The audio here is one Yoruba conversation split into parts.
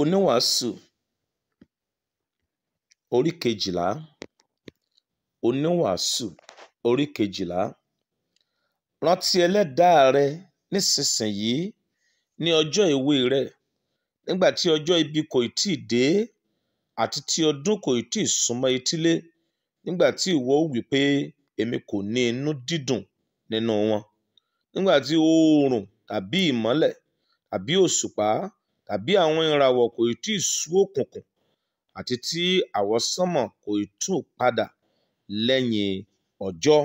Oníwàásù orí kejìlá Oníwàásù orí kejìlá Rántí Ẹlẹ́dàá rẹ nísinsìnyí ní ọjọ́ èwe rẹ, nígbà tí ọjọ́ ibi kò tíì dé àti tí ọdún kò tíì súnmọ́ etílé, nígbà tí ìwọ ó wí pé, “Èmi kò ní inú dídùn nínú wọn,” nígbà tí oòrùn tàbí ìmọ́lẹ̀ tàbí òṣùpá tàbí àwọn ìràwọ̀ kò ì tí ì sú òkùnkùn àti tí àwọsánmọ̀ kò ì tù padà lẹ́yìn ọjọ́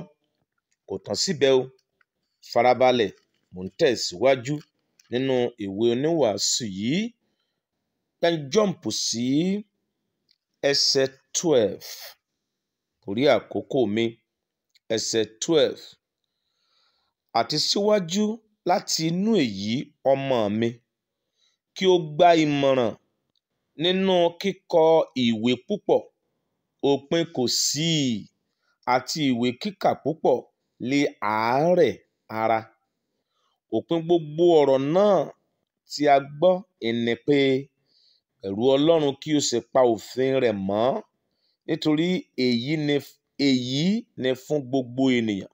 kò tán síbẹ̀ o farabalẹ̀ mò ń tẹ̀síwájú nínú ìwé oníwàásù yìí tẹ́ń jọ́ǹpù sí ẹsẹ̀ twelve torí àkókò mi ẹsẹ̀ twelve àti síwájú láti inú èyí ọmọ mi kí ó gba ìmọ̀ràn nínú kíkọ ìwé púpọ̀ (òpin kò sí) àti ìwé kíkà púpọ̀ lè àárẹ̀ ara. Òpin gbogbo ọ̀rọ̀ náà tí a gbọ́ ni pé, “Bẹ̀rù Ọlọ́run kí o sì pa òfin rẹ̀ mọ́, nítorí èyí ni fún gbogbo ènìyàn.”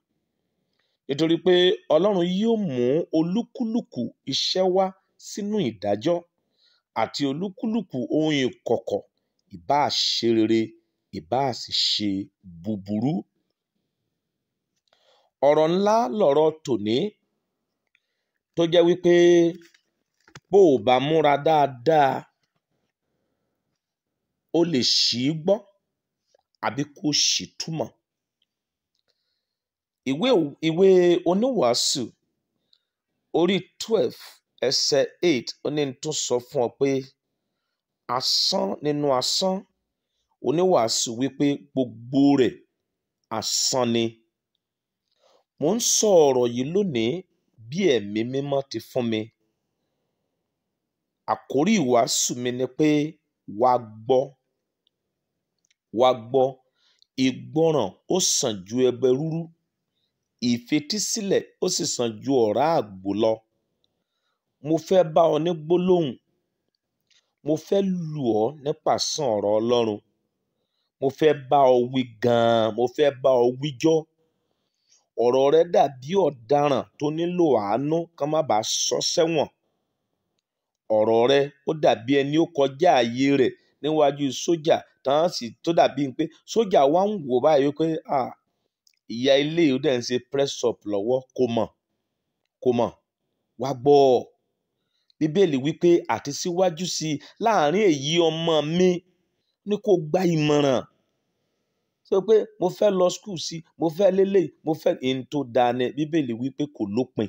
Nítorí pé Ọlọ́run yóò mú olúkúlùkù iṣẹ́ wá sínú ìdájọ́ àti olúkúlùkù ohun ìkọ̀kọ̀ ìbáà ṣe rere ìbáà sì ṣe búburú. ọ̀rọ̀ ńlá lọ̀rọ̀ tòní tó jẹ́ wípé bó o bá múra dáadáa o lè ṣì í gbọ́ àbí kó ṣì túmọ̀. ìwé oníwàásù orí twelve ẹsẹ̀ eight ó ní tún sọ fún ọ pé asán nínú asán oníwàásù wípé gbogbo rẹ̀ asán ni mo ń sọ ọ̀rọ̀ yìí lónìí bí ẹ̀mí mímọ́ ti fún mi àkórí ìwàásù mi ni pé wá gbọ́ wá gbọ́ ìgbọràn ó sàn ju ẹbẹ rúrú ìfetísílẹ̀ ó sì sàn ju ọ̀rá àgbò lọ mo fẹ́ bá ọ ní gbólóhùn mo fẹ́ lù ọ́ nípasẹ̀ ọ̀rọ̀ ọlọ́run mo fẹ́ bá ọ wí gan-an mo fẹ́ bá ọ wíjọ́ ọ̀rọ̀ rẹ dàbí ọ̀daràn tó nílò àánú kán má bàa sọ sẹ́wọ̀n ọ̀rọ̀ rẹ ó dàbí ẹni ó kọjá ààyè rẹ̀ níwájú sójà tán sì tó dàbí pé sójà wa ń wò báyìí pé ìyá ilé yìí ó dẹ̀ ń ṣe press up lọ́wọ́ kò mọ̀ kò mọ̀ wá gbọ́ ọ bíbélì wípé àti síwájú sí i láàrin èyí ọmọ mi ní kó gba ìmọ̀ràn sọ pé mo fẹ́ lọ skul sí i mo fẹ́ lélẹ̀ mo fẹ́ èyí tó dáa ni bíbélì wípé kò lópin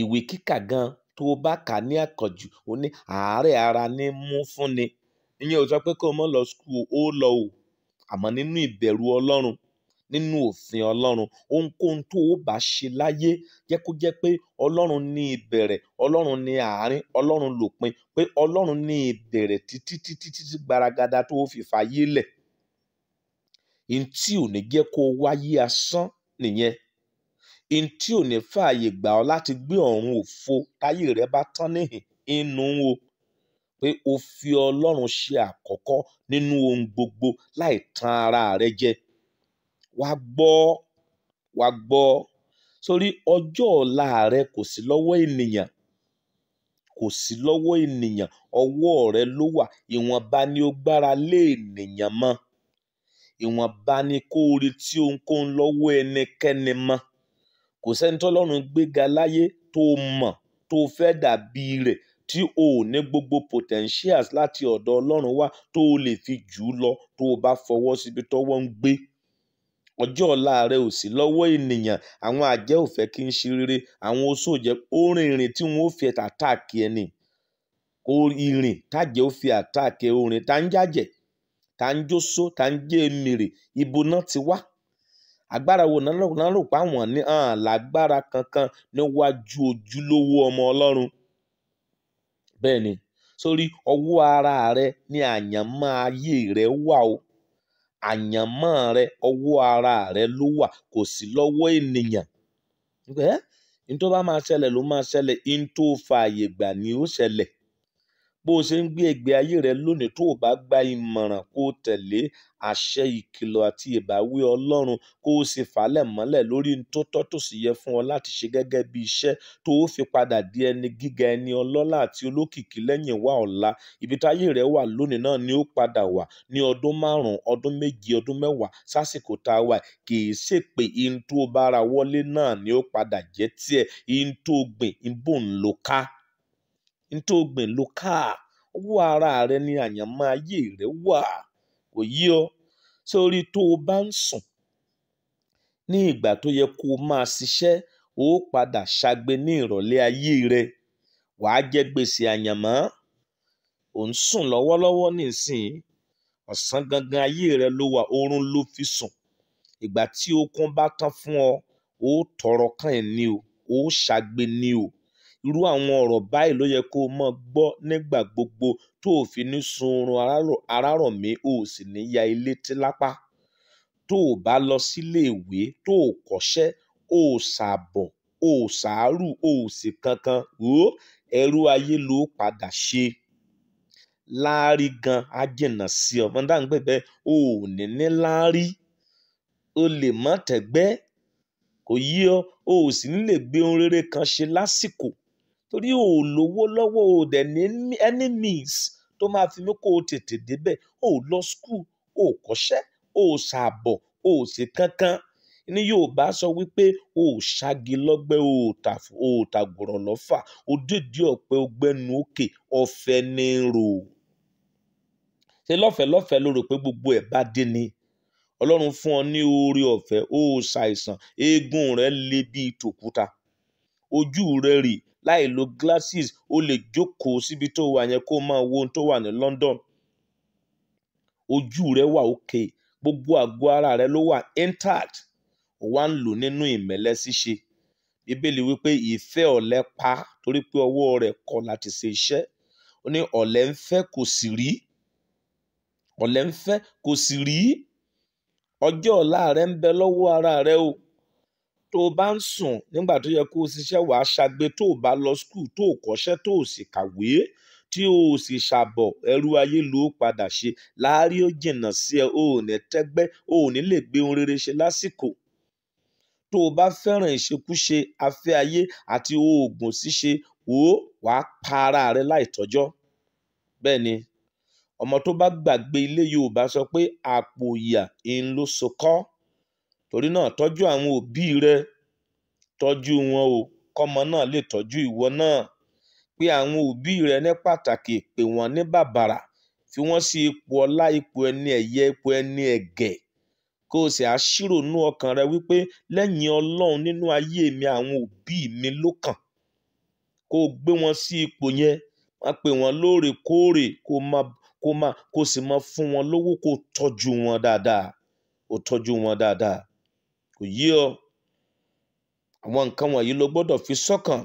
ìwé kíkà gan tó o bá kà ní àkànjù ó ní àárẹ̀ ara ní mú fún ni ìyẹn ò sọ pé kó o mọ̀ lọ skul ó lọ o àmọ́ nínú ìbẹ̀rù ọlọ́run nínú òfin ọlọ́run ohunkóhun tó o bá ṣe láyé jẹ́ kó jẹ́ pé ọlọ́run ní ìbẹ̀rẹ̀ ọlọ́run ní àárín ọlọ́run lòpin pé ọlọ́run ní ìbẹ̀rẹ̀ títí títí títí gbaragada tó o fi fàyè lẹ̀ ntí ò ní jẹ́ kó o wáyé asán nìyẹn ntí ò ní fààyè gbà ọ́ láti gbé ọ̀run òfo táyé rẹ bá tán níhìn inú o pé o fi ọlọ́run ṣe àkọ́kọ́ nínú ohun gbogbo láì tan ara rẹ jẹ wàá gbọ́ wàá gbọ́ sórí ọjọ́ ọ̀la rẹ kò sí lọ́wọ́ ènìyàn kò sí lọ́wọ́ ènìyàn ọwọ́ rẹ ló wà ìwọ̀nba ni ó gbára lé ènìyàn mọ́ ìwọ̀nba ni kó o retí ohunkóhun lọ́wọ́ ẹnikẹ́ni mọ́ kò sẹ́ni tọ́lọ́run gbéga láyé tó mọ̀ tó fẹ́ dàbí rẹ̀ tí o ò ní gbogbo potentials láti ọ̀dọ̀ ọlọ́run wá tó o lè fi jù ú lọ tó o bá fọwọ́ síbi tọ́wọ́ ń gbé ọjọ́ ọ̀la rẹ ò sí lọ́wọ́ ènìyàn àwọn àjẹ́ ò fẹ́ kí n ṣe rere àwọn oṣó jẹ́ ó rìn ìrìn tí wọ́n ó fi ẹ̀ta àtàkì ẹni kó ìrìn tájẹ́ ó fi àtàkì orin tá ń jàjẹ́ tá ń jósó tá ń jẹ́ mèrè ibo náà ti wá agbára wo náà rò pa wọ́n ní lágbára kankan níwájú ojúlówó ọmọ ọlọ́run bẹ́ẹ̀ ni sórí ọwọ́ ara rẹ ni àyànmọ́ ayé rẹ wà o àyànmọ́ rẹ ọwọ́ ara rẹ ló wà kò sí lọ́wọ́ ènìyàn ǹ tó bá máa ṣẹlẹ̀ ló máa ṣẹlẹ̀ ǹ tó fààyè gbà ni ó ṣẹlẹ̀ bó o ṣe ń gbé ìgbé ayé rẹ lónìí tó o bá gba ìmọ̀ràn kó o tẹ̀lé àṣẹ ìkìlọ̀ àti ìbáwí ọlọ́run kó o sì fàálẹ̀ mọ́lẹ̀ lórí tó tọ́ tó sì yẹ fún ọ láti ṣe gẹ́gẹ́ bí iṣẹ́ tó o fi padà di ẹni gíga ẹni ọlọ́lá àti olókìkí lẹ́yìn wa ọ̀la ibi táyé rẹ wà lónìí náà ni ó padà wà ní ọdún márùn-ún ọdún méje ọdún mẹ́wàá sásìkò tá a wà kì í ṣe pé ihun tó bára wọlé náà ni ó padà jẹ́ tiẹ̀ ihun tó gbìn ń bò ń lo ká nítorí ògbìn ló ká ọwọ́ ara rẹ ni àyànmọ́ ayé rẹ wà kò yí ọ sórí tó o bá ń sùn ní ìgbà tó yẹ kó o máa ṣiṣẹ́ o padà ṣagbe ní ìrọ̀lẹ́ ayé rẹ wàá jẹ gbèsè àyànmọ́ ò ń sùn lọ́wọ́lọ́wọ́ nísìnyí ọ̀sán gangan ayé rẹ ló wà oorun ló fi sùn ìgbà tí okun bá tán fún ọ ó tọrọ kàn ní o ó ṣagbe ní o irú àwọn ọ̀rọ̀ báyìí ló yẹ kó o máa gbọ́ nígbà gbogbo tó o fi ní sunrun arárọ̀mí o sì ní ya ilé tí lápá tó o bá lọ síléèwé tó o kọ́ṣẹ́ o ṣàbọ̀ o ṣàárù o sì kankan o ẹrú ayé ló padà ṣe láárí gan á jìnnà sí ọ mọ dáhùn pé bẹ́ẹ̀ o ò ní ní láárí o lè mọ tẹ̀gbẹ́ kò yí ọ o ò sì ní lè gbé ohun rere kan ṣe lásìkò torí ò lówó lọ́wọ́ ò dẹ̀ ní any means tó máa fi mú kó o tètè débẹ̀ ò lọ skul ò kọ́ṣẹ́ ò ṣàbọ̀ ò ṣe kankan ní Yorùbá sọ wípé o ṣagi lọ́gbẹ́ o tàgùrọ̀ lọ́fà o dídí ọ̀pẹ ọgbẹ́nu òkè ọ̀fẹ́ ní rò ṣe lọ́fẹ̀ẹ́ lọ́fẹ̀ẹ́ ló rò pé gbogbo ẹ̀ bá dé ni Ọlọ́run fún ọ ní oore ọ̀fẹ́ o ṣàìsàn eégún rẹ le bíi tòkúta ojú rẹ rì láì lo glasses o lè jókòó síbi tó wà yẹn kó máa wo ohun tó wà ní London ojú rẹ wà òkè gbogbo àgọ́ ara rẹ ló wà intact ó wá ń lò nínú ìmẹ̀lẹ́ ṣíṣe bíbélì wípé ìfẹ́ ọ̀lẹ pa torí pé ọwọ́ rẹ̀ kọ̀ láti ṣe iṣẹ́ ó ní ọ̀lẹ ń fẹ́ kò sì rí ọ̀lẹ ń fẹ́ kò sì rí ọjọ́ ọ̀la rẹ ń bẹ lọ́wọ́ ara rẹ o tó o bá ń sùn nígbà tó yẹ kó o ṣiṣẹ́ wàá ṣagbe tó o bá lọ skul tó o kọ́ṣẹ́ tó o sì kàwé tí o sì ṣàbọ̀ ẹrú ayé ló padà ṣe láàárín ó jìnnà sí ẹ o ò ní tẹ́gbẹ́ o ò ní lè gbé ohun rere ṣe lásìkò tó o bá fẹ́ràn ìṣekúṣe afẹ́ ayé àti oògùn ṣíṣe wò ó wàá pa ara rẹ láìtọ́jọ́ bẹ́ẹ̀ ni ọmọ tó bá gbàgbé ilé Yorùbá sọ pé àpò ìyà ń ló so torí náà tọ́jú àwọn òbí rẹ tọ́jú wọn o kọ́mọ náà lè tọ́jú ìwọ náà pé àwọn òbí rẹ ní pàtàkì pè wọ́n ní bàbàrà fi wọ́n sí ipò ọlá ipò ẹni ẹ̀yẹ ipò ẹni ẹ̀gẹ̀ kó o sì àṣírònú ọkàn rẹ wípé lẹ́yìn ọlọ́run nínú ayé mi àwọn òbí mi ló kàn kó o gbé wọn sí ipò yẹn má pè wọ́n lóòrèkóòrè kó má kó má kó sì má fún wọn lówó kó tọ́jú wọn dáadáa ó tọ́jú wọn dáadáa kò yí ọ àwọn nǹkan wọ̀nyí ló gbọ́dọ̀ fi sọ́kàn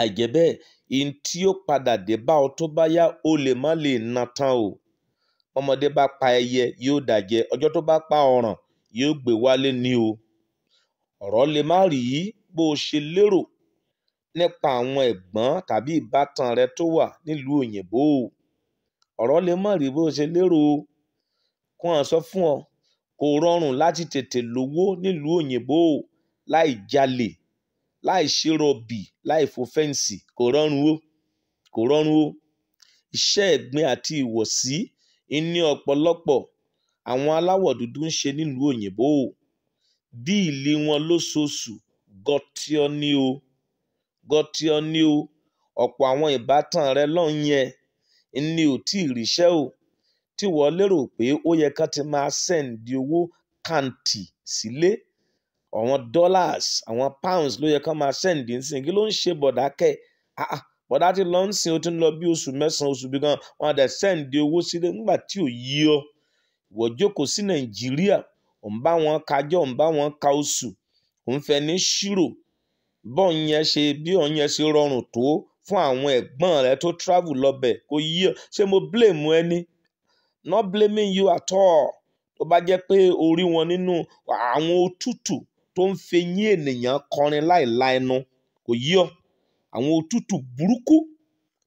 àìjẹ́ bẹ́ẹ̀ ihun tí ó padà dé bá ọ tó bá yá o lè má lè na tán o ọmọdé bá pa ẹyẹ yóò dàjẹ ọjọ́ tó bá pa ọ̀ràn yóò gbé wálé ní o ọ̀rọ̀ lè má rí bó o ṣe lérò nípa àwọn ẹ̀gbọ́n tàbí ìbátan rẹ tó wà nílùú òyìnbó ọ̀rọ̀ lè má rí bó o ṣe lérò o kó hàn sọ fún ọ kò rọrùn láti tètè lówó nílùú òyìnbó o láì jalè láì ṣèrọ̀bì láì fo fẹ́ǹsì kò rọrùn o kò rọrùn o iṣẹ́ ẹ̀gbin àti ìwọ̀sí ní ọ̀pọ̀lọpọ̀ àwọn aláwọ̀ dúdú ń ṣe nílùú òyìnbó o díìlì wọn lóṣooṣù gọtíọ́ ní o gọtíọ́ ní o ọ̀pọ̀ àwọn ìbátan rẹ lọ́hùn-ún ò tí ì ríṣẹ́ o tí wọ́n lérò pé ó yẹ ká ti máa sẹ́ǹdì owó kàǹtì sílé àwọn dollars àwọn pounds ló yẹ ká máa sẹ́ǹdì ń sìn kí ló ń ṣe bọ̀dá kẹ́ ah bọ̀dá ti lọ ń sìn ó ti ń lọ bí oṣù mẹ́sàn-án oṣù bí gan wọn àdá sẹ́ǹdì owó sílé nígbà tí ò yí ọ ìwọ jókòó sí nàìjíríà ò ń bá wọn kájọ́ ò ń bá wọn ka oṣù ò ń fẹ́ ní ṣírò bọ́ọ̀n yẹn ṣe bí ọ̀n yẹn ṣe rọrùn tó fún àwọn ẹ̀gbọ́n rẹ tó travel lọ bẹ̀ kò yí ọ ṣé mo blame ẹni not blaming you at all tó bá jẹ́ pé orí wọn nínú àwọn òtútù tó ń fẹyín ènìyàn kọrin láìla ẹnu kò yí ọ àwọn òtútù burúkú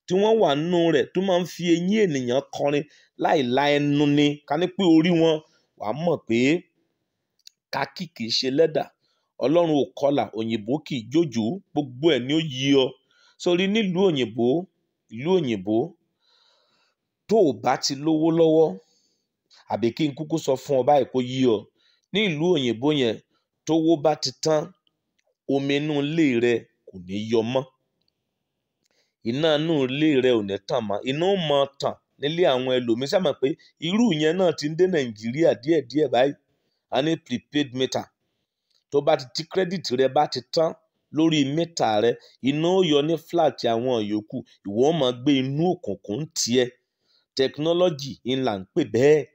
tí wọ́n wà nínú rẹ̀ tó máa ń fi eyín ènìyàn kọrin láìla ẹnu ni ká ní pé orí wọn wà á mọ̀ pé kákì kì ṣe lẹ́dà ọlọ́run ò kọlà òyìnbó kì í jòjò gbogbo ẹ̀ ni ó yí ọ sórí nílùú òyìnbó ìlú òyìnbó tó o bá ti lówó lọ́wọ́ àbí kí n kúkú sọ fún ọ báyìí kó yí ọ ní ìlú òyìnbó yẹn tówó bá ti tán omi inú ilé rẹ kò ní yọ mọ́ iná inú ilé rẹ ò ní tàn mọ́ iná ò mọ tàn nílé àwọn ẹlòmíín sábà pé irú yẹn náà ti ń dé nàìjíríà díẹ̀díẹ̀ báyìí a ní prepaid meter tó bá ti ti credit rẹ bá ti tán lórí mítà rẹ iná ó yọ ní flat àwọn yòókù ìwọ máa gbé inú òkùnkùn tiẹ̀ technology ńlá ń pè bẹ́ẹ̀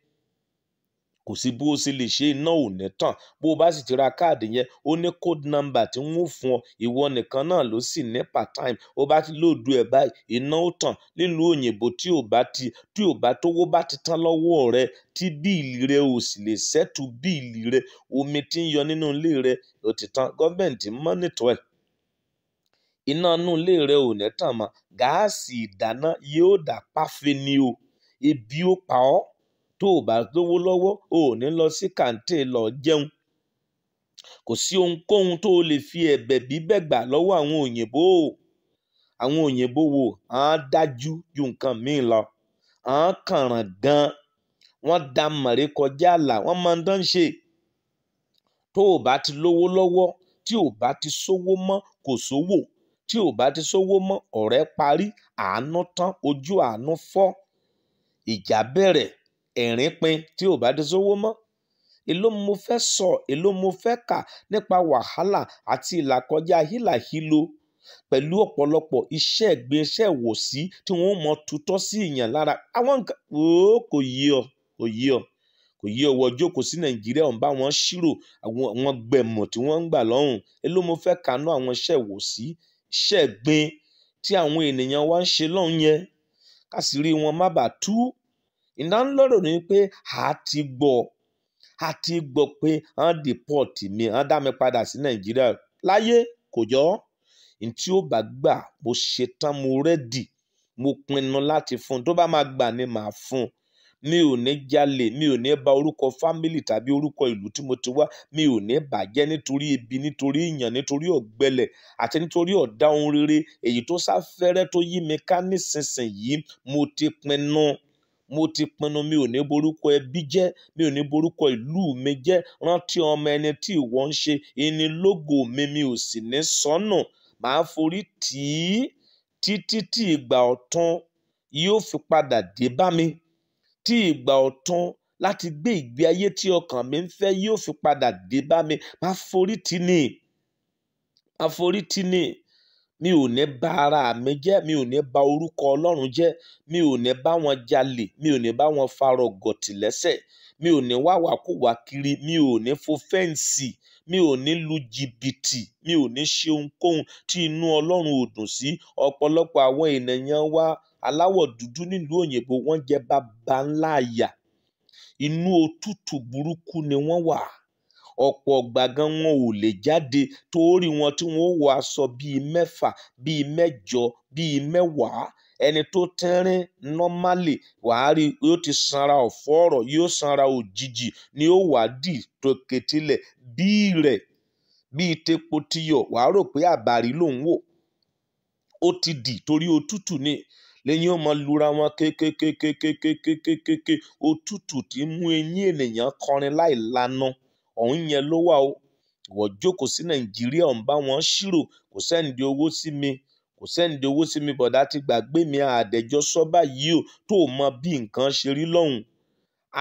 kò sí bó o ṣe lè ṣe iná ò ní tàn bó o bá sì ti ra káàdì yẹn ó ní code number tí ń fún ọ ìwọ nìkan náà ló sì ní part time ó bá ti lóòdù ẹ̀ báyìí iná ó tàn lílo òyìnbó tí ò bá ti tí ò bá tówó bá ti tán lọ́wọ́ rẹ tí bíìlì rẹ ò sì lè ṣẹ́tù bíìlì rẹ omi tí ń yọ nínú ilé rẹ ó ti tán gọ́ọ̀mẹ̀ntì mọ́nìtọ́ ẹ̀ iná inú ilé rẹ ò ní tàn mọ́ gáàsì ìdáná yóò dà páfẹ́ ni o ebi ó pa ọ́ tó o bá lówó lọ́wọ́ o ò ní lọ sí kàńté lọ jẹun kò sí ohunkóhun tó o lè fi ẹ̀bẹ̀ bíbẹ̀ gbà lọ́wọ́ àwọn òyìnbó o àwọn òyìnbó wo à ń dájú ju nǹkan míì lọ à ń kànràn gan wọ́n da mọ̀rẹ́ kọjá àlà wọ́n máa ń dán ṣe tó o bá ti lówó lọ́wọ́ tí o bá ti sówó mọ́ kò sówó tí o bá ti sówó mọ́ ọ̀rẹ́ parí àánú tán ojú àánú fọ́ ìjà bẹ̀rẹ̀ ẹ̀rín pin tí ò bá dé sówó mọ́ èló mo fẹ́ sọ èló mo fẹ́ kà nípa wàhálà àti ìlàkọjá hílàhílo pẹ̀lú ọ̀pọ̀lọpọ̀ iṣẹ́ ẹ̀gbin iṣẹ́ ìwòsí tí wọ́n mọ tutọ́ sí ìyàn lára àwọn nǹkan ooo kò yí ọ kò yí ọ kò yí ọ wọ́n jókòó sí nàìjíríà ń bá wọn ṣírò àwọn gbẹ̀mọ̀ tí wọ́n ń gbà lọ́hùn èló mo fẹ́ kànú àwọn iṣẹ́ ìwòsí iṣẹ́ ẹ̀gbin tí àwọn ènìyàn wa ń ṣe lọ́hùn yẹn kásìrí wọn má bàa tú iná lọ́rọ̀ ni pé a ti gbọ́ a ti gbọ́ pé wọ́n deport mi wọ́n dá mi padà sí nàìjíríà láyé kò jọ n tí ó bá gbà mo ṣetán mo rẹ́dì mo pinnu láti fún un tó bá máa gbà ni màá fún un mi ò ní jalè mi ò ní bà orúkọ fámìlì tàbí orúkọ ìlú tí mo ti wá mi ò ní bàjẹ́ nítorí ibi nítorí ìyàn nítorí ọ̀gbẹlẹ̀ àti nítorí ọ̀dá ohun rere èyí tó sáfẹ́rẹ́ tó yí mi ká nísinsìnyí mo ti pinnu. No mo ti pinnu mi ò ní borúkọ ẹbí jẹ́ mi ò ní borúkọ ìlú mi jẹ́ rántí ọmọ ẹni tí ìwọ ń ṣe ẹni lógo mi mi ò sì ní sọnù màá forí tì í títí tí ìgbà ọ̀tun yóò fi padà dé bá mi tí ìgbà ọ̀tun láti gbé ìgbé ayé tí ọkàn mi ń fẹ́ yóò fi padà dé bá mi màá forí tì ní màá forí tì mi ò ní bà ara mi jẹ́ mi ò ní ba orúkọ ọlọ́run jẹ́ mi ò ní bá wọn jalè mi ò ní bá wọn farọ̀ gọ̀tì lẹ́sẹ̀ mi ò ní wáwàkúwà kiri mi ò ní fo fẹ́ǹsì mi ò ní lu jìbìtì mi ò ní ṣe ohunkóhun tí inú ọlọ́run ò dùn sí ọ̀pọ̀lọpọ̀ àwọn ènìyàn wa aláwọ̀ dúdú nílùú òyìnbó wọ́n jẹ́ baba ńlá àyà inú òtútù burúkú ni wọ́n wà ọ̀pọ̀ ọgbà gan wọn ò lè jáde torí wọn tí wọn ó wọ aṣọ bíi mẹ́fà bíi mẹ́jọ bíi mẹ́wàá ẹni tó tẹ́rín nọ́málì wàá rí yóò ti sanra ọ̀fọ́ ọ̀rọ̀ yóò sanra òjijì ni ó wàá dì tó ketílẹ̀ bíi rẹ̀ bíi tepo tiyọ̀ wàá rò pé àbàrí lòun wò ó ti dì torí òtútù ni lẹ́yìn ọmọ lura wọn kékékékékékékékéké ọ̀hún yẹn ló wà o ìwọ jókòó sí nàìjíríà ń bá wọn ṣírò kò sẹ́ǹdì owó sí mi kò sẹ́ǹdì owó sí mi bọ̀dá ti gbàgbé mi àdẹ̀jọ́ sọ́bà yìí o tó o mọ bí nǹkan ṣe rí lọ́hùn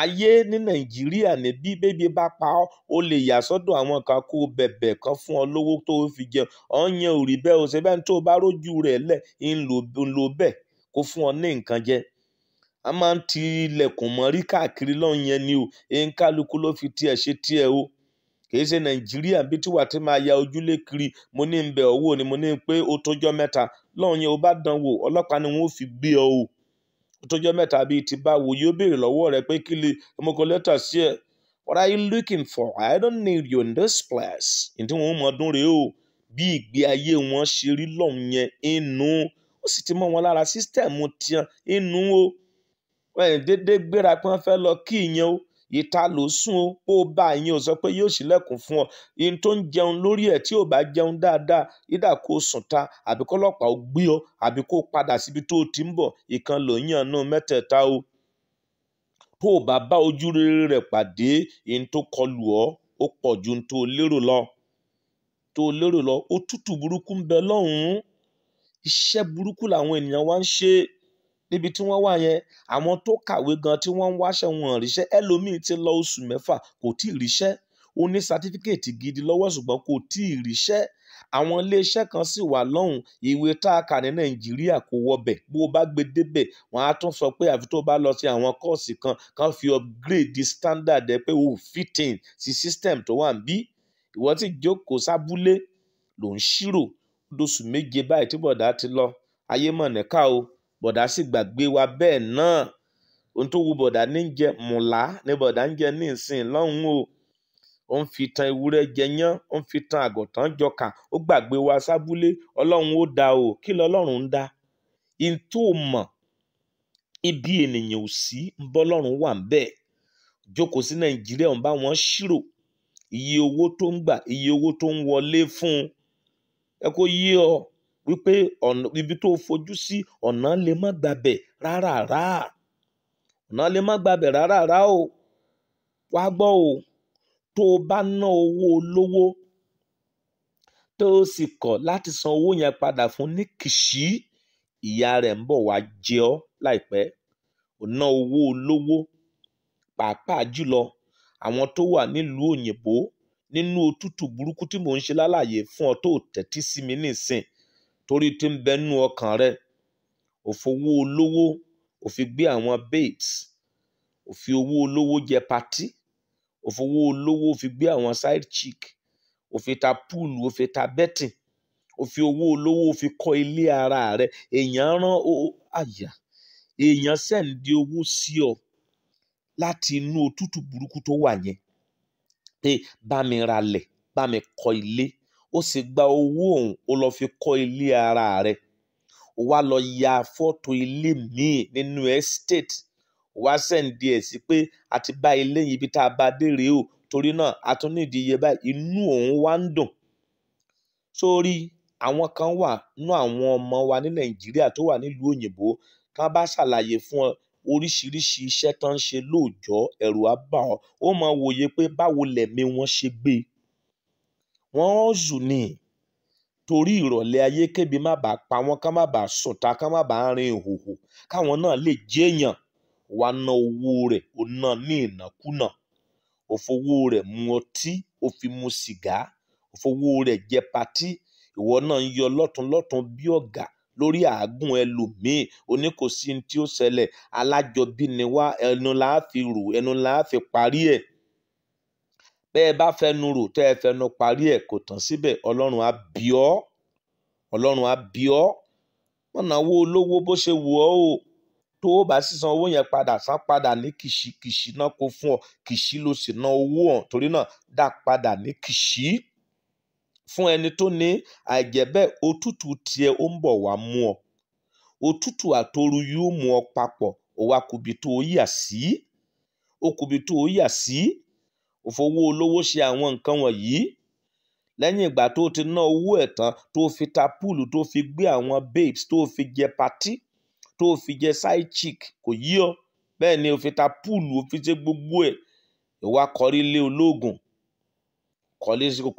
ayé ní nàìjíríà ní bí bébí bá pa ọ́ o lè yà sọ́dọ̀ àwọn kan kó bẹ̀bẹ̀ kan fún ọ lówó tó o fi jẹun ọ̀yàn ò rí bẹ́ẹ̀ o ṣe bẹ́ẹ̀ tó o bá rójú rẹ̀ lẹ̀ ń lò bẹ́ẹ̀ kó fún ọ ní nǹkan jẹ a máa ń ti ilẹ̀kùn mọ́rí káàkiri lọ́hùn yẹn ni o èyí kálukú ló fi tiẹ̀ ṣe tiẹ̀ o kì í ṣe nàìjíríà bí tí wà tí máa ya ojúlé kiri mo ní ń bẹ owó ni mo ní pé ó tójọ́ mẹ́ta lọ́hùn yẹn o bá dán wò ọlọ́pàá ni wọ́n fi gbé ọ o ó tójọ́ mẹ́ta bíi ti bá wò yóò béèrè lọ́wọ́ rẹ pé kí ni mo kọ lẹ́tà sí ẹ̀ what are you looking for i don't need you in this place ǹtí wọn ò mọ ọdún rèé o bí ìgbé ayé wọn ṣe rí lọ́hùn yẹn inú ó sì ti mọ wọn lára sísítẹ̀mù tiẹ̀ inú o wọn ẹ̀ dédé gbéra pé wọ́n fẹ́ lọ kí ìyẹn o ìta ló sùn ó pó bá ìyẹn ò sọ pé yóò ṣílẹ̀kùn fún ọ ihun tó ń jẹun lórí ẹ̀ tí ò bá jẹun dáadáa ìdá kó sùn ta àbí kọ́lọ́pàá ó gbé ọ àbí kó padà síbi tó ti ń bọ̀ ìkan ló yàn náà mẹ́tẹ̀ẹ̀ta o tó o bá bá ojú rere rẹ̀ pàdé ihun tó kọlù ọ ó pọ̀ ju ohun tó lérò lọ tó lérò lọ ó tútù burúkú ń bẹ lọ́hùn-ún iṣẹ́ burúkú làwọn ènìyàn wá ń ṣe é níbi tí wọ́n wà yẹn àwọn tó kàwé gan tí wọ́n ń wáṣẹ́ wọn ríṣẹ́ ẹlòmíín ti lọ oṣù mẹ́fà kò tí ì ríṣẹ́ ó ní sátífíkẹ́ẹ̀tì gidi lọ́wọ́ ṣùgbọ́n kò tí ì ríṣẹ́ àwọn iléeṣẹ́ kan sì wà lọ́hùn ìwé tá a kà ní nàìjíríà kò wọbẹ̀ bó o bá gbé débẹ̀ wọ́n á tún sọ pé àfi tó bá lọ sí àwọn kọ́ọ̀sì kan kan fi upgrade the standard ẹ pé o fit sí system tó wà ń bí ìwọ́n ti jókòó sábúlé ló ń ṣírò lóṣù méje báyìí tí bọ̀dá ti lọ ayé mọ̀ nìka o bọ̀dá sì gbàgbé wa bẹ́ẹ̀ náà ohun tó wu bọ̀dá ní jẹ mùlá ní bọ̀dá ń jẹ ní ìsìn lọ́hùn o ó ń fi tan ewúrẹ́ jẹyán ó ń fi tan àgọ̀tàn jọkà ó gbàgbé wa sábúlé ọlọ́run ó da o kí lọ ọlọ́run ń da ihun tó mọ̀ ibi ènìyàn ò sí ń bọ́lọ́run wà ń bẹ́ẹ̀ jókòó sí nàìjíríà ń bá wọn ṣírò iye owó tó ń gbà iye owó tó ń wọlé fún ẹ kó yé ọ wípé ọ̀nà ibi tó fojú sí ọ̀nà lè má gbàbẹ̀ rárá ọ̀nà lè má gbàbẹ̀ rárá o wá gbọ́ o tó o bá ná owó olówó tó o sì kọ̀ láti san owó yẹn padà fún ní kìsì ìyá rẹ̀ ń bọ̀ wá jẹ ọ́ láìpẹ́ ò owó olówó pàápàá jùlọ àwọn tó wà nílùú òyìnbó nínú òtútù burúkú tí mò ń ṣe lálàyé fún ọ tó tẹ́tí sí mi nísìn torí tí ń bẹ nínú ọkàn rẹ ò fowó olówó ò fi gbé àwọn babes ò fi owó olówó jẹ patí ò fowó olówó ò fi gbé àwọn side chick ò fi ta púùlù ò ta betting ò owó olówó ò fi ilé ara rẹ èèyàn rán ó àyà èèyàn sẹ́ǹdí owó sí ọ láti inú òtútù burúkú tó wà yẹn pé bá mi ralẹ̀ bá mi kọ́ ilé ó sì gba owó òun ó lọ fi kọ́ ilé ara rẹ̀ ó wá lọ ya fọ́tò ilé míì nínú estate ó wá sẹ́ǹdì ẹ̀ sí pé a ti bá ilé yìí ibi tá a bá dé rèé o torí náà a tún ní ìdíye báyìí inú òun wá ń dùn sórí àwọn kan wà nú àwọn ọmọ wa ní nàìjíríà tó wà nílùú òyìnbó ká bá ṣàlàyé fún ọ oríṣiríṣi iṣẹ́ tó ń ṣe lóòjọ́ ẹ̀rù á bà ó máa wòye pé báwo lẹ̀mí wọn ṣe gbé e wọ́n ń zù ní torí ìrọ̀lẹ́ ayé kébi má bàa pa wọ́n ká má bàa sọ̀tá ká má bàa rin ìhòhò káwọn náà lè jẹ́yàn wàá ná owó rẹ̀ ò ná ní ìnákúnà ò fowó rẹ̀ mu ọtí ò fi mu sìgá ò fowó rẹ̀ jẹ patí ìwọ náà ń yọ lọ́tunlọ́tun bí ọ̀gá lórí àágùn ẹlòmíì oní tí ó ṣẹlẹ̀ alájọbí ni wá ẹnu la fi rò ẹnu la fi parí ẹ̀ bẹ́ ẹ bá fẹnu rò tẹ́ ẹ fẹnu parí ẹ̀ kò tán síbẹ̀ ọlọ́run á bí ọ́ ọlọ́run á bí ọ́ wọ́n náwó olówó bó ṣe wù ọ́ o tó o bá sì san owó yẹn padà san padà ní kìṣì kìṣì náà kó fún ọ kìṣì ló sì ná owó ọ̀hún torí náà dá padà ní kìṣì fún ẹni tó ní àìjẹ́bẹ́ òtútù tiẹ̀ ó ń bọ̀ wá mú ọ òtútù àtòru yóò mú ọ papọ̀ ó wá kùbi yà sí ó kùbi tó yà sí. Si ò fowó olówó ṣe àwọn nǹkan wọ̀nyí lẹ́yìn ìgbà tó ti ná owó ẹ̀ tán tó fi ta púùlù tó fi gbé àwọn babes tó fi jẹ patí tó fi jẹ side chick kò yí ọ bẹ́ẹ̀ ni o fi ta púùlù o fi ṣe gbogbo ẹ̀ ìwà kọrí ilé olóògùn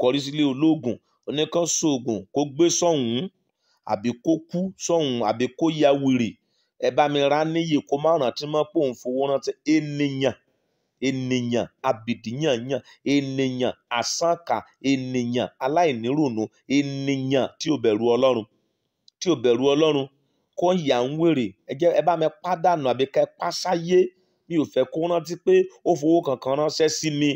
kọrí sílé olóògùn oníkan ṣoògùn kó gbé sọ̀hún àbí kó kú sọ̀hún àbí kó ya wèrè ẹ bá mi rá níyì kó má rántí mọ́ pé òun fowó rántí ènìyàn ènìyàn abìdíyànyàn ènìyàn àsánka ènìyàn aláìnírònú ènìyàn tí ò bẹ̀rù ọlọ́run tí ò bẹ̀rù ọlọ́run kó yà ń wèrè ẹ jẹ́ ẹ bá mi pádànù àbí ká ẹ pásáyé mi ò fẹ́ kó rántí pé ó fowó kankan ránṣẹ́ sí mi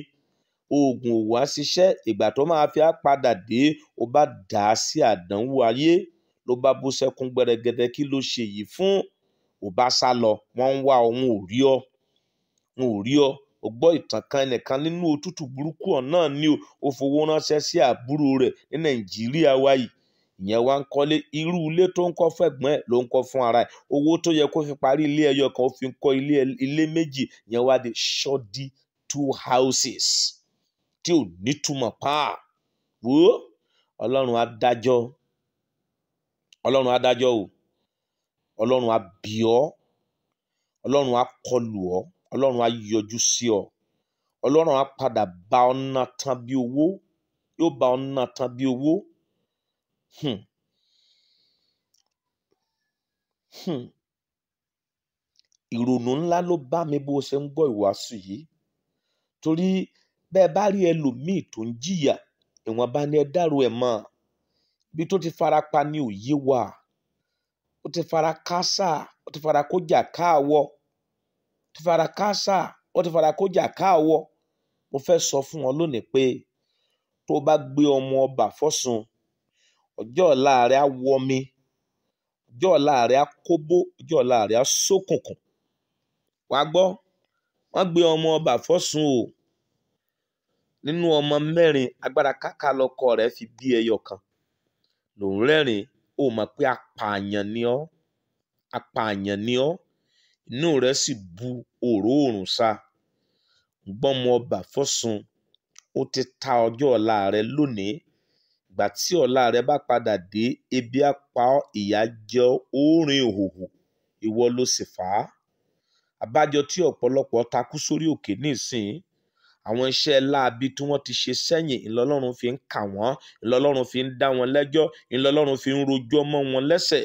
oògùn òwò àṣiṣẹ́ ìgbà tó máa fi á padà dé ó bá dà á sí àdánwò ayé ló bá bú sẹ́kún gbẹrẹgẹdẹ kí ló ṣe yìí fún ò bá sá lọ wọ́n ń wá òun ò rí ọ wọn ò rí ọ ó gbọ́ ìtàn kan ẹnìkan nínú òtútù burúkú ọ̀nà ni ó fowó ránṣẹ́ sí àbúrò rẹ̀ ní nàìjíríà wáyìí ìyẹn wá ń kọ́lé irú ilé tó ń kọ́ fẹ̀gbọ́n ẹ̀ ló ń kọ́ fún ara ẹ̀ owó tó yẹ kó fi parí ilé ẹyọ kan ó fi ń kọ́ ilé méjì ìyẹn wá di shoddy two houses tí ò nítumọ̀ paa wo ọlọ́run adájọ́ ọlọ́run adájọ́ o ọlọ́run abiọ́ ọlọ́run akọlù ọ́ ọlọ́run á yọjú sí ọ ọlọ́run á padà bá ọ ná tán bí owó yóò bá ọ ná tán bí owó. Hmm. Hmm. ìrònú ńlá ló bá mi bó ṣe ń gbọ́ ìwàásù yìí torí bẹ́ẹ̀ bá rí ẹlòmíì tó ń jìyà ìwọ̀nba ni ẹ dárò ẹ̀ mọ́ ibi tó ti fara pa ni òye wà ó ti fara kásà ó ti fara kójà káàwọ̀ ti fara káásà wọ́n ti fara kójà káàwọ́ mo fẹ́ sọ fún wọn lónìí pé tó bá gbé ọmọ ọba fọ́sùn ọjọ́ ọ̀la rẹ̀ á wọmi ọjọ́ ọ̀la rẹ̀ á kóbó ọjọ́ ọ̀la rẹ̀ á ṣókùnkùn wàá gbọ́ wọ́n gbé ọmọ ọba fọ́sùn o nínú ọmọ mẹ́rin agbára káká lọkọ rẹ̀ fi bí ẹyọ kan lòun rẹ́rìn-ín ó pé apààyàn ni ọ́ apààyàn ni ọ́ inú rẹ̀ sì bu òróòrùn sa gbọ́mọ ọba fọ́sùn ó ti ta ọjọ́ ọ̀la rẹ̀ lónìí ìgbà tí ọ̀la rẹ̀ bá padà dé ebi á pa ọ́ ìyà jẹ òórìn òhòhò ìwọ ló sì fà á àbájọ tí ọ̀pọ̀lọpọ̀ takú sórí òkè nísìn àwọn iṣẹ́ láabi tí wọ́n ti ṣe sẹ́yìn ìlọ́lọ́run fi ń kà wọ́n ìlọ́lọ́run fi ń dá wọn lẹ́jọ́ ìlọ́lọ́run fi ń rojọ́ mọ́ wọn lẹ́sẹ̀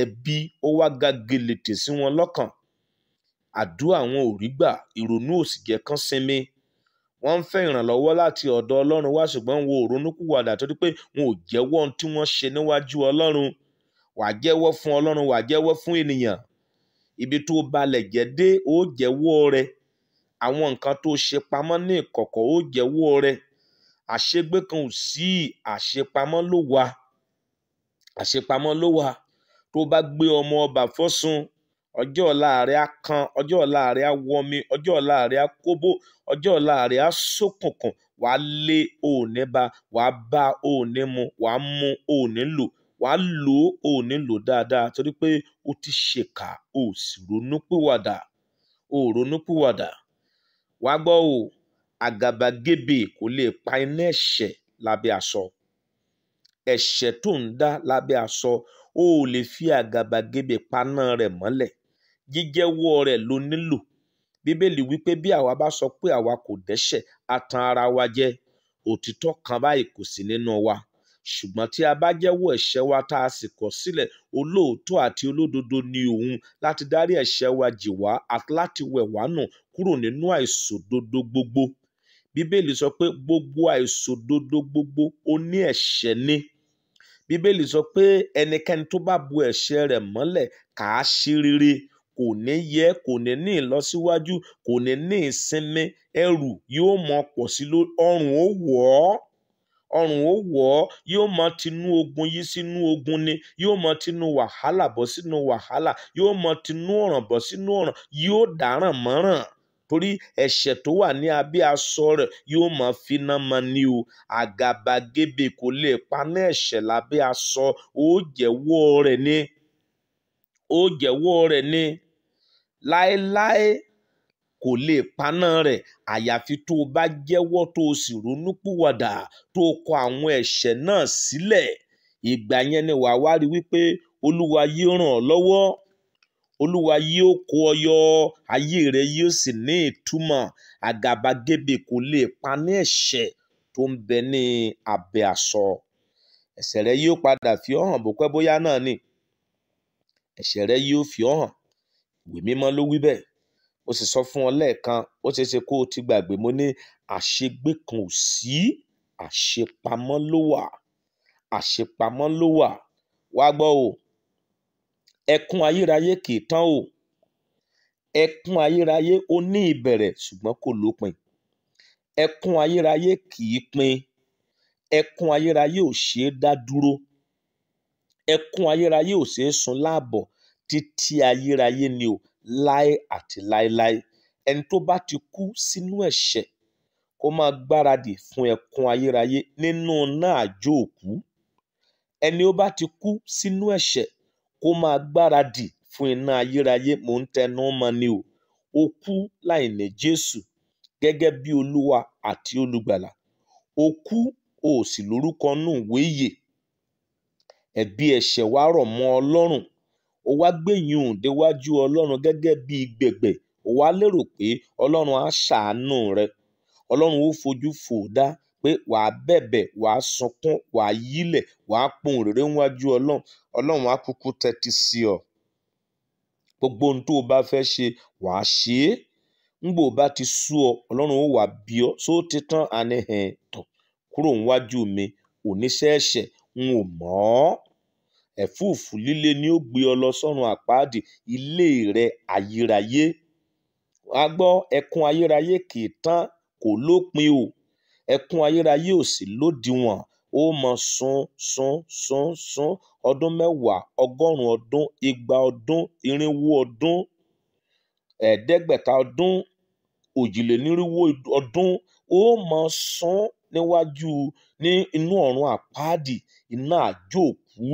ẹ̀bi ó wá ga gèlètè sí wọn lọ́kàn àdúrà wọn ò rí gbà ìrònú ò sì jẹ́ kán sinmi wọ́n ń fẹ́ ìrànlọ́wọ́ láti ọ̀dọ̀ ọlọ́run wá ṣùgbọ́n wọn ò ronúkúwàdà torí pé wọn ò jẹ́wọ́ ohun tí wọ́n ṣe níwájú ọlọ́run wàá jẹ́wọ́ fún ọlọ́run wàá jẹ́wọ́ fún ènìyàn ibi tó balẹ̀ jẹ́ dé ó jẹ́wọ́ rẹ àwọn nǹkan tó ṣe pamọ́ ní ìkọ̀kọ̀ ó jẹ́wọ́ rẹ àṣegbé kan ò sí àṣepamọ́ ló wà àṣepamọ́ ló wà tó bá gbé ọmọ ọbà fọ́sùn ọjọ́ ọ̀la rẹ̀ á kan ọjọ́ ọ̀la rẹ̀ á wọmi ọjọ́ ọ̀la rẹ̀ á kóbó ọjọ́ ọ̀la rẹ̀ á ṣókùnkùn wàá lé òní ba wàá bá òní mu wàá mú òní lò wàá lò òní lò dáadáa torí pé o ti ṣèkà o sì ronúpìwàdà o ronúpìwàdà wàá gbọ́ o àgàbàgebè kò lè pa iná ẹ̀ṣẹ̀ lábẹ́ aṣọ ẹ̀ṣẹ̀ tó ń dá lábẹ́ aṣọ o ò lè fi àgàbàgebè paná rẹ̀ mọ́lẹ̀ jíjẹ́wọ́ rẹ̀ ló nílò bíbélì wípé bí àwa bá sọ pé àwa kò dẹ́ṣẹ̀ a tan ara wa jẹ òtítọ́ kan báyìí kò sí nínú wa ṣùgbọ́n tí a bá jẹ́wọ́ ẹ̀ṣẹ̀ wa tá a sì kọ̀ sílẹ̀ olóòótọ́ àti olódodo ni òun láti dárí ẹ̀ṣẹ̀ wa jì wá àti láti wẹ̀ wá nù kúrò nínú àìṣòdodo gbogbo bíbélì sọ pé gbogbo àìṣòdodo gbogbo ó ní ẹ̀ṣẹ̀ ni bíbélì sọ pé ẹnikẹ́ni tó bá bu ẹ̀ṣẹ̀ rẹ̀ mọ́lẹ̀ kà á ṣe rere kò ní yẹ kò ní ní ìlọsíwájú kò ní ní ìsinmi ẹrù yóò mọ pọ̀ sí ọrùn ó wọ̀ ọ́ ọrùn ó wọ̀ ọ́ yóò mọ tinú ogun yí sínú ogun ni yóò mọ tinú wàhálà bọ́ sínú wàhálà yóò mọ tinú ọ̀ràn bọ́ sínú ọ̀ràn yóò dáràn mọ́ràn torí ẹ̀ṣẹ̀ tó wà ní abẹ́ aṣọ rẹ̀ yóò máa finá mọ́ ni o àgàbàgebè kò lè paná ẹ̀ṣẹ̀ lábẹ́ aṣọ ó jẹ́wọ́ rẹ̀ ni ó jẹ́wọ́ rẹ̀ ni láéláé kò lè paná rẹ̀ àyàfi tó o bá jẹ́wọ́ tó o sì ronúpìwàdà tó o kọ àwọn ẹ̀ṣẹ̀ náà sílẹ̀ ìgbà yẹn ni wàá wá rí wípé olúwa yóò ràn ọ́ lọ́wọ́ olúwa yóò kó ọ yọ ayé rẹ yóò sì ní ìtumọ̀ àgàbàgebè kò lè paná ẹ̀ṣẹ̀ tó ń bẹ ní abẹ́ aṣọ ẹ̀ṣẹ̀ rẹ yóò padà fi ọ́ hàn bó pẹ́ bóyá náà ni ẹ̀ṣẹ̀ rẹ yóò fi ọ́ hàn ìwé mímọ́ ló wí bẹ́ẹ̀ ó sì sọ fún ọ lẹ́ẹ̀kan ó ṣeé ṣe kó o ti gbàgbé mo ní àṣegbé kan ò sí àṣepamọ́ ló wà àṣepamọ́ ló wà wá gbọ́ o ẹkún ayérayé kì í tán o ẹkún ayérayé ó ní ìbẹ̀rẹ̀ ṣùgbọ́n kò lópin ẹkún ayérayé kì í pin ẹkún ayérayé ò ṣeé dá dúró ẹkún ayérayé ò ṣeé sun láàbọ̀ títí ayérayé ni o láé àti láéláé ẹni tó bá ti kú sínú ẹ̀ṣẹ̀ kó máa gbáradì fún ẹkún ayérayé nínú náà àjò òkú ẹni ó bá ti kú sínú ẹ̀ṣẹ̀ kó máa gbáradì fún iná ayérayé mò ń tẹnu mọ́ ni o ó kú láì ní Jésù gẹ́gẹ́ bí Olúwa àti olùgbàlà ó kú sì lórúkọ nù wéyè ẹ̀bi ẹ̀ṣẹ̀ wa rọ̀ mọ́ Ọlọ́run ó wá gbé yìnyín déwájú ọlọ́run gẹ́gẹ́ bí gbègbè ó wá lérò pé ọlọ́run á ṣàánú rẹ ọlọ́run ó fojú fò dá pé wàá bẹ̀bẹ̀ wàá sunkún wàá yílẹ̀ wàá pohùn réré níwájú ọlọ́run ọlọ́run á kúkú tẹ́tí sí ọ gbogbo ohun tó o bá fẹ́ ṣe wàá ṣe é ngbò bá ti sú ọ ọlọ́run ó wà bí ọ só ti tán àníhàn tán kúrò níwájú mi oníṣẹ́ẹ̀ṣẹ̀ n ò mọ̀ ọ́ ẹ̀fúùfù líle ni ó gbé ọ lọ sọ́run àpáàdì ilé rẹ ayérayé a gbọ́ ẹkún ayérayé kì í tán kò lópin o ẹkún ayérayé ò sì lódiwọ̀n ó mọ sun sun sun sun ọdún mẹ́wàá ọgọ́rùn-ún ọdún igba ọdún irinwó ọdún ẹ̀ẹ́dẹ́gbẹ̀ta ọdún òjìlénírínwó ọdún ó mọ sun níwájú ní inú ọ̀run àpáàdì iná àjóòkú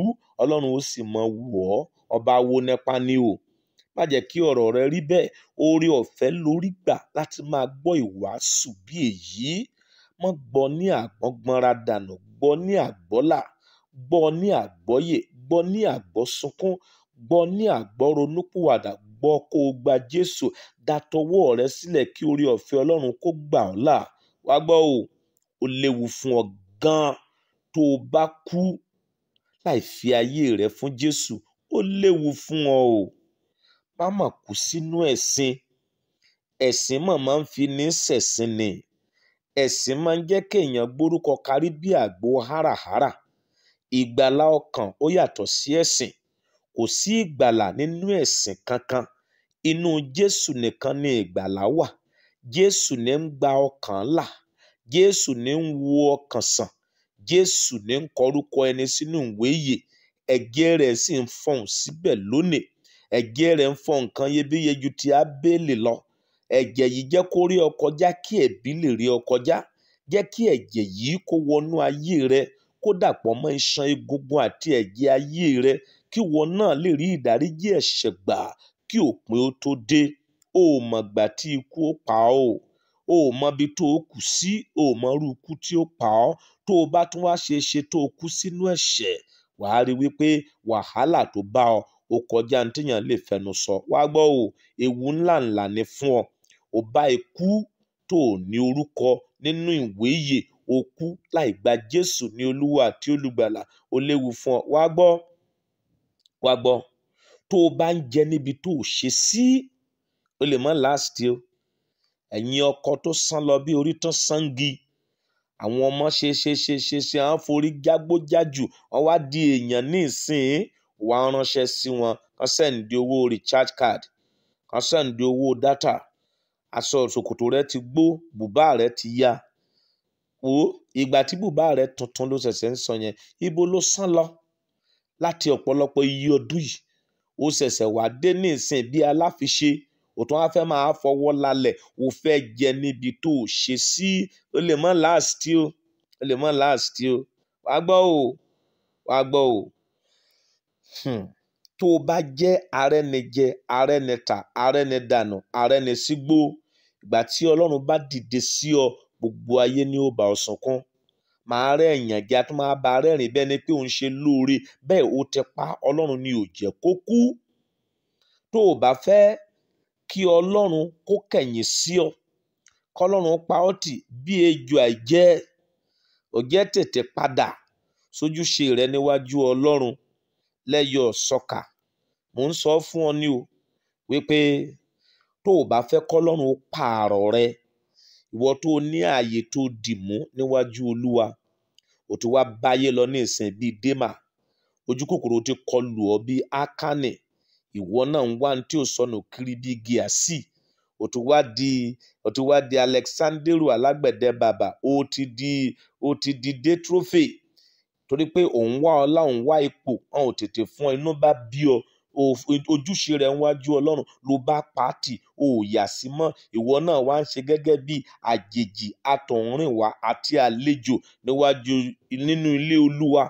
ọlọ́run ó sì mọ wù ọ́ ọba wo nẹ́pà ni o má jẹ́ kí ọ̀rọ̀ rẹ rí bẹ́ẹ̀ oore ọ̀fẹ́ lórí gbà láti máa gbọ́ ìwàásù bí èyí mọ́ gbọ́ ní àgbọ́ngbọ́nra dànù gbọ́ ní àgbọ́là gbọ́ ní àgbọ́yè gbọ́ ní àgbọ́sunkún gbọ́ ní àgbọ́ronúpìwàdà gbọ́ kó o gba jésù dàtọwọ́ rẹ sílẹ̀ kí oore ọ̀fẹ́ ọlọ́run kó gbà ọ́ là wá gbọ́ o ó léwu fún ọ gan-an tó o bá kú láì fi ayé rẹ fún jésù ó léwu fún ọ o má mà kú sínú ẹ̀sìn ẹ̀sìn mà máa ń fi ní ṣẹ̀sìn ni ẹ̀sìn máa ń jẹ́ kéèyàn gbórúkọ kárí bí àgbo háràhárà ìgbàlá ọkàn ó yàtọ̀ sí ẹ̀sìn kò sí ìgbàlà nínú ẹ̀sìn kankan inú jésù nìkan ni ìgbàlà wà jésù ní ń gba ọkàn là jésù ní ń wo ọkàn sàn jésù ní ń kọrúkọ ẹni sínú ìwé ìyè ẹ̀jẹ̀ rẹ̀ sì ń fọhùn síbẹ̀ lónìí ẹ̀jẹ̀ rẹ̀ ń fọ nǹkan iyebíye ju ti ábẹ́lì lọ ẹ̀jẹ̀ yìí jẹ́ kó rí ọ kọjá kí ẹ̀bí lè rí ọ kọjá jẹ́ kí ẹ̀jẹ̀ yìí kó wọnú ayé rẹ kó dàpọ̀ mọ́ iṣan egungun àti ẹ̀jẹ̀ ayé rẹ kí wọn náà lè rí ìdáríjì ẹ̀ṣẹ̀ gbà kí òpin ó tó dé ó mọ̀gbà tí ikú ó pa ọ́ o ò mọbi tó o kù sí o ò mọrú ikú tí ó pa ọ́ tó o bá tún wá ṣe ṣe tó o kú sínú ẹ̀ṣẹ̀ wàá rí wípé wàhálà tó bá ọ ó kọjá ní téèyàn lè fẹnu sọ wàá gbọ́ o ewu ńláǹlà ni fún ọ ò bá ikú tó o ní orúkọ nínú ìwé ìyè o kú láì gba Jésù ní olúwa àti olùgbàlà ó léwu fún ọ wàá gbọ́ wàá gbọ́ tó o bá ń jẹ níbi tó o ṣe sí o lè mọ́ láàsì tí ẹ̀yin ọkọ tó sán lọ bí orí tán sangi àwọn ọmọ ṣe ṣe ṣe ṣe ṣe àwọn forí jágbójájù wọn wá di èèyàn ní ìsìn wà á ránṣẹ́ sí wọn kan sẹ́ǹdì owó recharge card kan sẹ́ǹdì owó data aṣọ ṣòkòtò rẹ ti gbó bùbá rẹ ti ya wo ìgbà tí bùbá rẹ tuntun ló ṣẹ̀ṣẹ̀ ń sọ yẹn ibo ló sán lọ láti ọ̀pọ̀lọpọ̀ iye ọdún yìí ó ṣẹ̀ṣẹ̀ wá dé ní ìsìn bí aláfiṣe o tún wá fẹ́ máa fọwọ́ lálẹ̀ o fẹ́ jẹ níbi tó o ṣe sí o lè mọ́ láàsì o o lè mọ́ láàsì o wàá gbọ́ o wàá gbọ́ o hmm. tó o bá jẹ́ arẹ́nijẹ arẹ́nita arẹ́nidànù arẹ́nisígbó ìgbà tí ọlọ́run bá dìde sí ọ gbogbo ayé ni ó bá ọ sunkún màá rẹ́ẹ̀yàn jẹ́ àti máa bá rẹ́rìn bẹ́ẹ̀ ni pé òun ṣe lóore bẹ́ẹ̀ ó tẹ pa ọlọ́run ni ò jẹ́ kó kú tó o bá fẹ́ kí ọlọ́run kó kẹ̀yìn sí ọ kọlọ́run pa ọ́ tì bí ejò àìjẹ́ ọ̀jẹ́ tètè padà sójúṣe rẹ níwájú ọlọ́run lẹ́yọ̀ sọ́kà mò ń sọ fún ọ ní o wípé tó o bá fẹ́ kọ́lọ́run pààrọ̀ rẹ ìwọ tó o ní ààyè tó dì mú níwájú olúwa o wá báyé lọ ní ìsìn bíi dema ojú kòkòrò ti kọlù ọ bíi akane ìwọ náà ń wá tí ò sọnù kiri bí gíà sí ó ti wá di ó di alexanderu alágbẹ̀dẹ bàbà ó ti di ó di dé trophy torí pé òun wá ọlá òun wá ipò àwọn òtètè fún ọ inú bá bí ọ ojúṣe rẹ̀ ń wájú ọlọ́run ló bá pàtì ò yà sí mọ́ ìwọ náà wá ń ṣe gẹ́gẹ́ bí àjèjì atọ̀húnrìnwá àti àlejò níwájú nínú ilé olúwa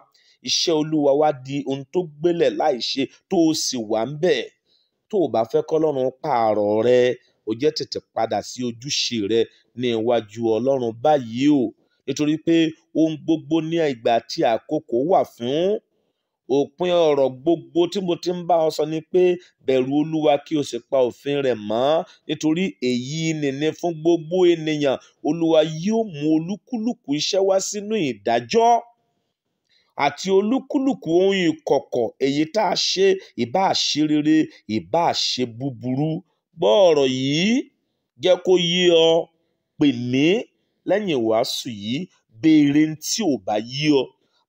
iṣẹ́ olúwa wá di ohun tó gbélẹ̀ láìṣe tó o sì wà ń bẹ̀ tó o bá fẹ́ kọ́lọ́run pààrọ̀ rẹ o jẹ́ tètè padà sí ojúṣe rẹ ní iwájú ọlọ́run báyìí o nítorí pé ohun gbogbo ní ìgbà tí àkókò wà fún òpin ọ̀rọ̀ gbogbo tí mo ti ń bá ọ sọ ni pé bẹ̀rù olúwa kí o sì pa òfin rẹ̀ mọ́ nítorí èyí nìní fún gbogbo ènìyàn olúwa yóò mú olúkúlùkù iṣẹ́ wá sínú ìdájọ́ àti olúkúlùkù ohun ìkọ̀kọ̀ èyí tá a ṣe ìbáà ṣe rere ìbáà ṣe búburú gbọ́ ọ̀rọ̀ yìí jẹ́ kó yé ọ pèlé lẹ́yìn ìwàásù yìí béèrè tí ò bá yé ọ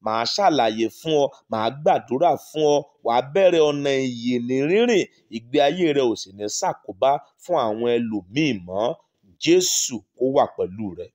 màá ṣàlàyé fún ọ màá gbàdúrà fún ọ wàá bẹ̀rẹ̀ ọ̀nà ìyè rírìn ìgbé ayé rẹ ò sì ní ṣàkóbá fún àwọn ẹlòmíì mọ́ Jésù kó wà pẹ̀lú rẹ.